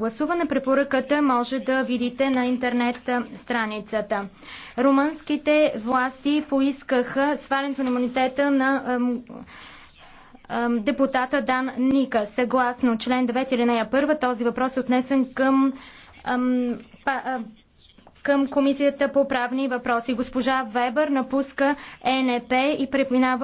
Гласуване препоръката може да видите на интернет страницата. Румънските власти поискаха свалянето на имунитета на депутата Дан Ника. Съгласно член 9 или нея първа, този въпрос е отнесен към, към Комисията по правни въпроси. Госпожа Вебър напуска ЕНП и преминава